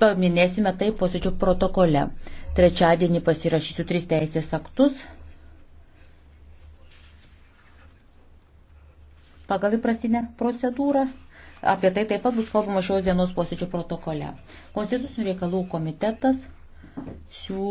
paminėsime tai posėdžio protokole. Trečiadienį pasirašysiu tris teisės aktus. Pagal įprastinę procedūrą. Apie tai taip pat bus kalbama šios dienos posėdžio protokole. Konstitucinių reikalų komitetas siūlo.